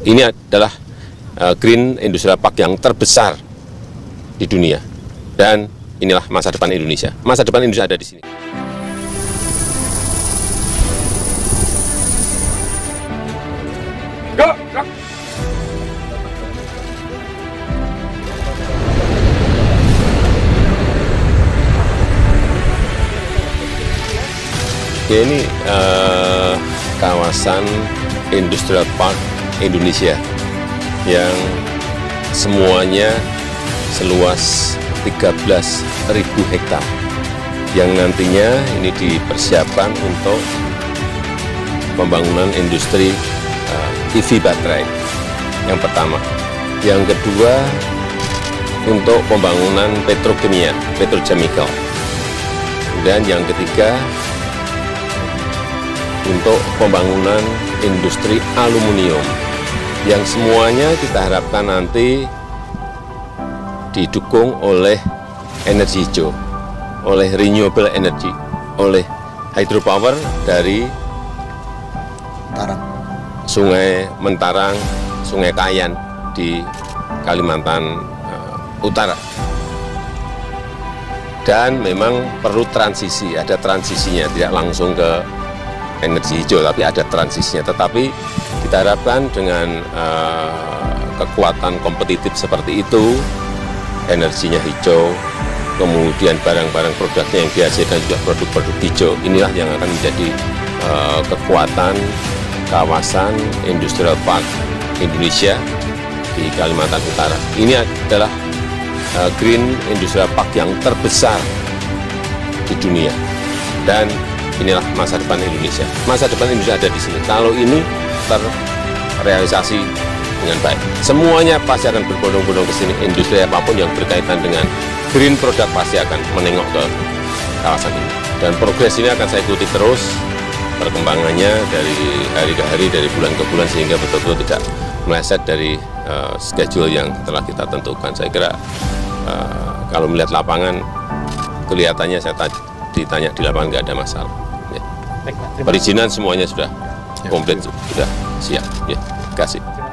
Ini adalah eh, Green Industrial Park yang terbesar di dunia. Dan inilah masa depan Indonesia. Masa depan Indonesia ada di sini. ini uh, kawasan Industrial Park Indonesia yang semuanya seluas 13.000 hektar yang nantinya ini dipersiapkan untuk pembangunan industri EV eh, e baterai yang pertama. Yang kedua untuk pembangunan petrokimia, petrochemical. Dan yang ketiga untuk pembangunan industri aluminium yang semuanya kita harapkan nanti didukung oleh energi hijau, oleh renewable energy, oleh hydropower dari Tarang. Sungai Mentarang, Sungai Kayan di Kalimantan eh, Utara. Dan memang perlu transisi, ada transisinya, tidak langsung ke energi hijau, tapi ada transisinya. Tetapi kita harapkan dengan uh, kekuatan kompetitif seperti itu, energinya hijau, kemudian barang-barang produknya yang dihasilkan juga produk-produk hijau, inilah yang akan menjadi uh, kekuatan kawasan industrial park Indonesia di Kalimantan Utara. Ini adalah uh, Green Industrial Park yang terbesar di dunia dan inilah masa depan Indonesia. Masa depan Indonesia ada di sini. Kalau ini terrealisasi dengan baik, semuanya pasti akan berbondong-bondong ke sini. Industri apapun yang berkaitan dengan green product pasti akan menengok ke kawasan ini. Dan progres ini akan saya ikuti terus perkembangannya dari hari ke hari, dari bulan ke bulan, sehingga betul-betul tidak meleset dari uh, schedule yang telah kita tentukan. Saya kira uh, kalau melihat lapangan, kelihatannya saya ditanya di lapangan nggak ada masalah. Perizinan semuanya sudah ya. komplit, sudah siap. Ya, kasih.